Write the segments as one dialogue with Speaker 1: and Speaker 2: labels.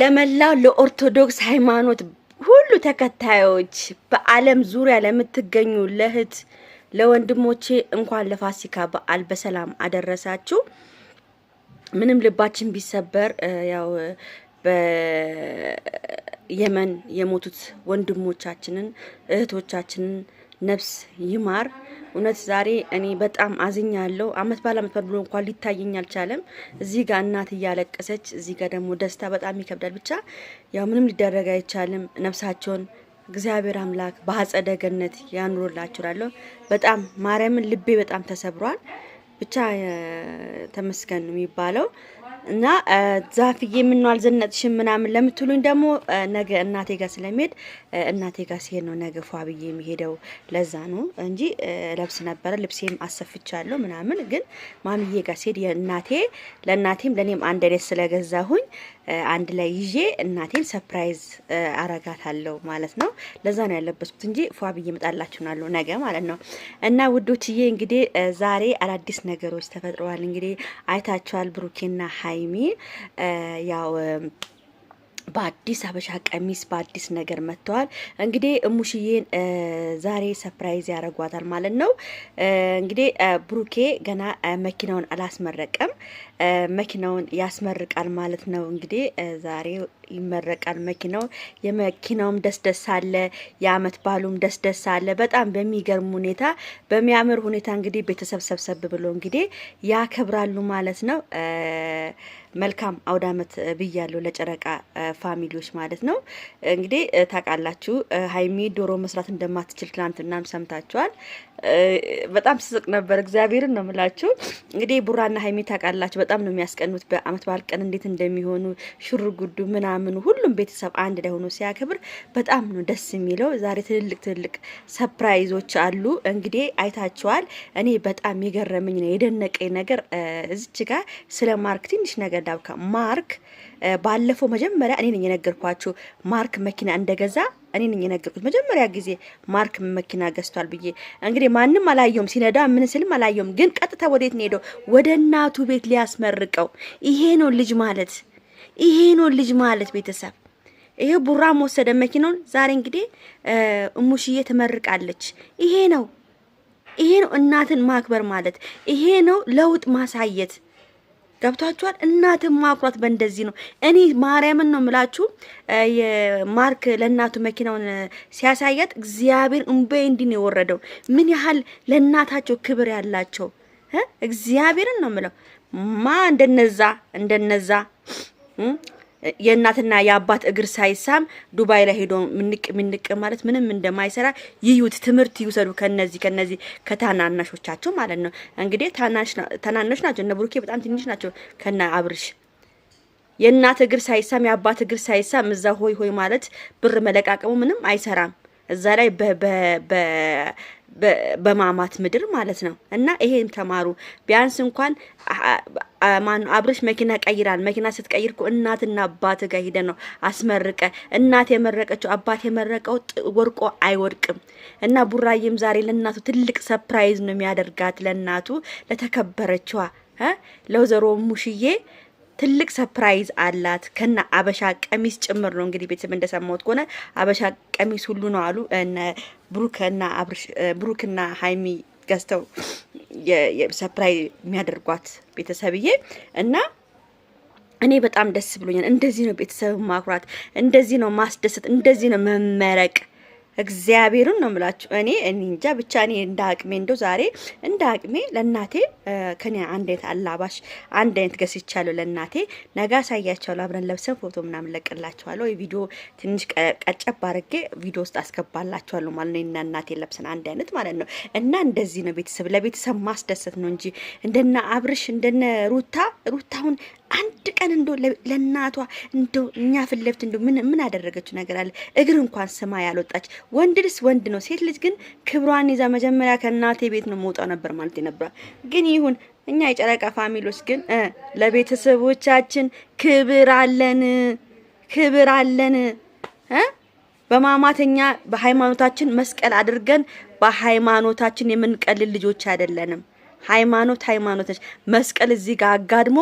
Speaker 1: ለመላው ለኦርቶዶክስ ሃይማኖት ሁሉ ተከታዮች በዓለም ዙሪያ ለምትገኙ ለእህት ለወንድሞቼ እንኳን ለፋሲካ በዓል በሰላም አደረሳችሁ። ምንም ልባችን ቢሰበር ያው በየመን የሞቱት ወንድሞቻችንን እህቶቻችንን ነፍስ ይማር። እውነት ዛሬ እኔ በጣም አዝኛለሁ። አመት ባል አመት ባል ብሎ እንኳን ሊታየኝ አልቻለም። እዚህ ጋር እናት እያለቀሰች፣ እዚህ ጋር ደግሞ ደስታ በጣም ይከብዳል። ብቻ ያው ምንም ሊደረግ አይቻልም። ነፍሳቸውን እግዚአብሔር አምላክ በአጸደ ገነት ያኑሮላችሁ በጣም ማርያምን ልቤ በጣም ተሰብሯል። ብቻ ተመስገን የሚባለው። እና ዛፍዬ ምነው አልዘነጥሽም ምናምን ለምትሉኝ ደግሞ ነገ እናቴ ጋር ስለሚሄድ እናቴ ጋር ሲሄድ ነው ነገ ፏ ብዬ የሚሄደው። ለዛ ነው እንጂ ለብስ ነበረ ልብሴም አሰፍቻለሁ ምናምን፣ ግን ማሚዬ ጋር ሲሄድ የእናቴ ለእናቴም ለእኔም አንድ አይነት ስለገዛሁኝ አንድ ላይ ይዤ እናቴን ሰፕራይዝ አረጋታለሁ ማለት ነው። ለዛ ነው ያለበስኩት እንጂ ፏ ብዬ እመጣላችኋለሁ ነገ ማለት ነው። እና ውዶችዬ እንግዲህ ዛሬ አዳዲስ ነገሮች ተፈጥረዋል። እንግዲህ አይታችኋል ብሩኬና ሀይሚ ያው በአዲስ አበሻ ቀሚስ በአዲስ ነገር መጥተዋል። እንግዲህ እሙሽዬን ዛሬ ሰፕራይዝ ያደርጓታል ማለት ነው። እንግዲህ ብሩኬ ገና መኪናውን አላስመረቀም፣ መኪናውን ያስመርቃል ማለት ነው። እንግዲህ ዛሬ ይመረቃል መኪናው። የመኪናውም ደስ ደስ አለ፣ የአመት ባህሉም ደስ ደስ አለ። በጣም በሚገርም ሁኔታ በሚያምር ሁኔታ እንግዲህ ቤተሰብ ሰብሰብ ብሎ እንግዲህ ያከብራሉ ማለት ነው። መልካም አውደ ዓመት ብያለሁ ለጨረቃ ፋሚሊዎች ማለት ነው። እንግዲህ ታውቃላችሁ ሀይሚ ዶሮ መስራት እንደማትችል ትናንትናም ሰምታችኋል። በጣም ስስቅ ነበር። እግዚአብሔርን ነው ምላችሁ እንግዲህ ቡራና ሀይሚ ታውቃላችሁ በጣም ነው የሚያስቀኑት። በአመት በዓል ቀን እንዴት እንደሚሆኑ ሹር ጉዱ ምናምኑ፣ ሁሉም ቤተሰብ አንድ ላይ ሆኖ ሲያከብር በጣም ነው ደስ የሚለው። ዛሬ ትልልቅ ትልልቅ ሰፕራይዞች አሉ። እንግዲህ አይታችኋል። እኔ በጣም የገረመኝ ነው የደነቀኝ ነገር እዚች ጋር ስለ ማርክ ትንሽ ነገር አልተረዳም። ማርክ ባለፈው መጀመሪያ እኔ ነኝ የነገርኳችሁ ማርክ መኪና እንደገዛ እኔ ነኝ የነገርኩት መጀመሪያ ጊዜ ማርክ መኪና ገዝቷል ብዬ። እንግዲህ ማንም አላየውም ሲነዳ ምን ስልም አላየውም። ግን ቀጥታ ወዴት ነው ሄደው? ወደ እናቱ ቤት ሊያስመርቀው። ይሄ ነው ልጅ ማለት፣ ይሄ ነው ልጅ ማለት ቤተሰብ። ይሄ ቡራም ወሰደ መኪናውን። ዛሬ እንግዲህ እሙሽዬ ትመርቃለች። ይሄ ነው ይሄ ነው እናትን ማክበር ማለት። ይሄ ነው ለውጥ ማሳየት። ገብቷችኋል። እናትን ማኩራት በእንደዚህ ነው። እኔ ማርያምን ነው የምላችሁ። ማርክ ለእናቱ መኪናውን ሲያሳያት እግዚአብሔር እምቤ እንዲን የወረደው። ምን ያህል ለእናታቸው ክብር ያላቸው እግዚአብሔርን ነው ምለው ማ እንደነዛ እንደነዛ የእናትና የአባት እግር ሳይሳም ዱባይ ላይ ሄዶ ምንቅ ምንቅ ማለት ምንም እንደማይሰራ ይዩት፣ ትምህርት ይውሰዱ ከነዚህ ከነዚህ ከታናናሾቻቸው ማለት ነው። እንግዲህ ታናናሽ ናቸው እነ ብሩኬ በጣም ትንሽ ናቸው ከና አብርሽ። የእናት እግር ሳይሳም የአባት እግር ሳይሳም እዛ ሆይ ሆይ ማለት ብር መለቃቀሙ ምንም አይሰራም እዛ ላይ በማማት ምድር ማለት ነው። እና ይሄን ተማሩ። ቢያንስ እንኳን ማን አብርሽ መኪና ቀይራል። መኪና ስትቀይር እናትና አባት ጋር ሂደ ነው አስመርቀ። እናት የመረቀችው አባት የመረቀው ወርቆ አይወድቅም። እና ቡራዬም ዛሬ ለእናቱ ትልቅ ሰፕራይዝ ነው የሚያደርጋት ለእናቱ ለተከበረችዋ ለወይዘሮ ሙሽዬ ትልቅ ሰፕራይዝ አላት ከና አበሻ ቀሚስ ጭምር ነው። እንግዲህ ቤተሰብ እንደሰማሁት ከሆነ አበሻ ቀሚስ ሁሉ ነው አሉ ብሩክና አብርሽ ብሩክና ሀይሚ ገዝተው ሰፕራይዝ የሚያደርጓት ቤተሰብዬ እና እኔ በጣም ደስ ብሎኛል። እንደዚህ ነው ቤተሰብ ማኩራት፣ እንደዚህ ነው ማስደሰት፣ እንደዚህ ነው መመረቅ። እግዚአብሔርን ነው ምላችሁ። እኔ እንጃ ብቻ እኔ እንደ አቅሜ እንደው ዛሬ እንደ አቅሜ ለእናቴ ከኔ አንድ አይነት አላባሽ አንድ አይነት ገዝቻለሁ ለእናቴ። ነገ አሳያቸዋለሁ። አብረን ለብሰን ፎቶ ምናምን እለቅላቸዋለሁ። የቪዲዮ ትንሽ ቀጨብ አድርጌ ቪዲዮ ውስጥ አስገባላቸዋለሁ ማለት ነው። እና እናቴ ለብሰን አንድ አይነት ማለት ነው። እና እንደዚህ ነው ቤተሰብ ለቤተሰብ ማስደሰት ነው እንጂ እንደነ አብርሽ እንደነ ሩታ ሩታሁን አንድ ቀን እንዶ ለእናቷ እንዶ እኛ ፊት ለፊት እንዶ ምን ምን ያደረገችው ነገር አለ? እግር እንኳን ስማ ያልወጣች ልጅ ወንድ ነው። ሴት ልጅ ግን ክብሯን ይዛ መጀመሪያ ከእናቴ ቤት ነው መውጣው ነበር ማለት ይነበራል። ግን ይሁን እኛ የጨረቃ ፋሚሊዎች ግን ለቤተሰቦቻችን ክብር አለን፣ ክብር አለን በማማተኛ በሃይማኖታችን መስቀል አድርገን በሃይማኖታችን የምንቀልል ልጆች አይደለንም። ሃይማኖት ሃይማኖት ነች። መስቀል እዚህ ጋር አጋድሞ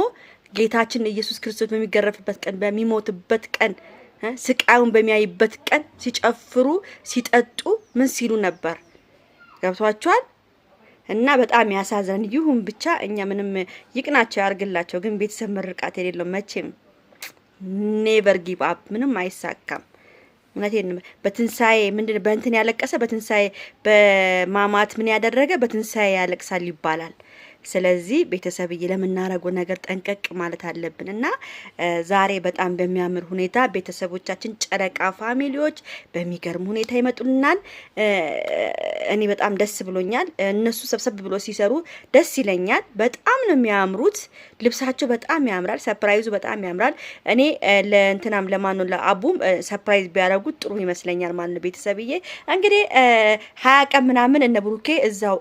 Speaker 1: ጌታችን ኢየሱስ ክርስቶስ በሚገረፍበት ቀን፣ በሚሞትበት ቀን፣ ስቃዩን በሚያይበት ቀን ሲጨፍሩ ሲጠጡ ምን ሲሉ ነበር? ገብቷቸዋል። እና በጣም ያሳዘን። ይሁን ብቻ እኛ ምንም ይቅናቸው ያርግላቸው። ግን ቤተሰብ ምርቃት የሌለው መቼም ኔቨር ጊቭ አፕ ምንም አይሳካም። እውነቴን በትንሣኤ ምንድን በእንትን ያለቀሰ በትንሣኤ በማማት ምን ያደረገ በትንሣኤ ያለቅሳል ይባላል። ስለዚህ ቤተሰብዬ ለምናረገው ነገር ጠንቀቅ ማለት አለብን እና ዛሬ በጣም በሚያምር ሁኔታ ቤተሰቦቻችን ጨረቃ ፋሚሊዎች በሚገርም ሁኔታ ይመጡልናል። እኔ በጣም ደስ ብሎኛል። እነሱ ሰብሰብ ብሎ ሲሰሩ ደስ ይለኛል። በጣም ነው የሚያምሩት። ልብሳቸው በጣም ያምራል። ሰፕራይዙ በጣም ያምራል። እኔ ለእንትናም ለማኑ ለአቡም ሰፕራይዝ ቢያደርጉት ጥሩ ይመስለኛል ማለት ነው። ቤተሰብዬ እንግዲህ ሀያ ቀን ምናምን እነ ብሩኬ እዛው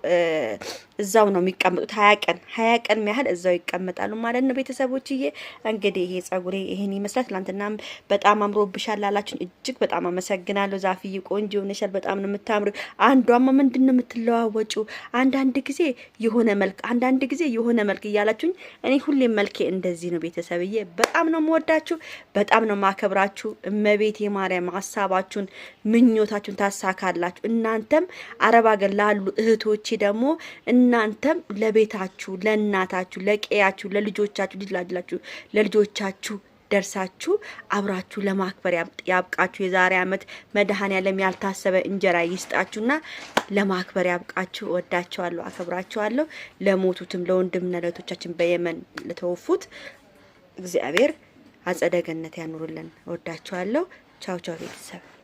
Speaker 1: እዛው ነው የሚቀመጡት። ሀያ ቀን ሀያ ቀን ያህል እዛው ይቀመጣሉ ማለት ነው። ቤተሰቦችዬ እንግዲህ ይሄ ጸጉሬ ይሄን ይመስላል። ትናንትና በጣም አምሮብሻል ላላችሁን እጅግ በጣም አመሰግናለሁ። ዛፍዬ ቆንጆ ሆነሻል። በጣም ነው የምታምሩ። አንዷማ ምንድን ነው የምትለዋወጩ? አንዳንድ ጊዜ የሆነ መልክ፣ አንዳንድ ጊዜ የሆነ መልክ እያላችሁኝ እኔ ሁሌም መልኬ እንደዚህ ነው። ቤተሰብዬ በጣም ነው የምወዳችሁ፣ በጣም ነው ማከብራችሁ። እመቤቴ ማርያም ሀሳባችሁን ምኞታችሁን ታሳካላችሁ። እናንተም አረብ ሀገር ላሉ እህቶቼ ደግሞ እናንተም ለቤታችሁ፣ ለእናታችሁ፣ ለቀያችሁ፣ ለልጆቻችሁ ልጅላላችሁ ለልጆቻችሁ ደርሳችሁ አብራችሁ ለማክበር ያብቃችሁ። የዛሬ ዓመት መድኃኔዓለም ያልታሰበ እንጀራ ይስጣችሁና ለማክበር ያብቃችሁ። ወዳችኋለሁ፣ አከብራችኋለሁ። ለሞቱትም ለወንድምና ለእህቶቻችን በየመን ለተወፉት እግዚአብሔር አጸደ ገነት ያኑርልን። ወዳችኋለሁ። ቻው ቻው ቤተሰብ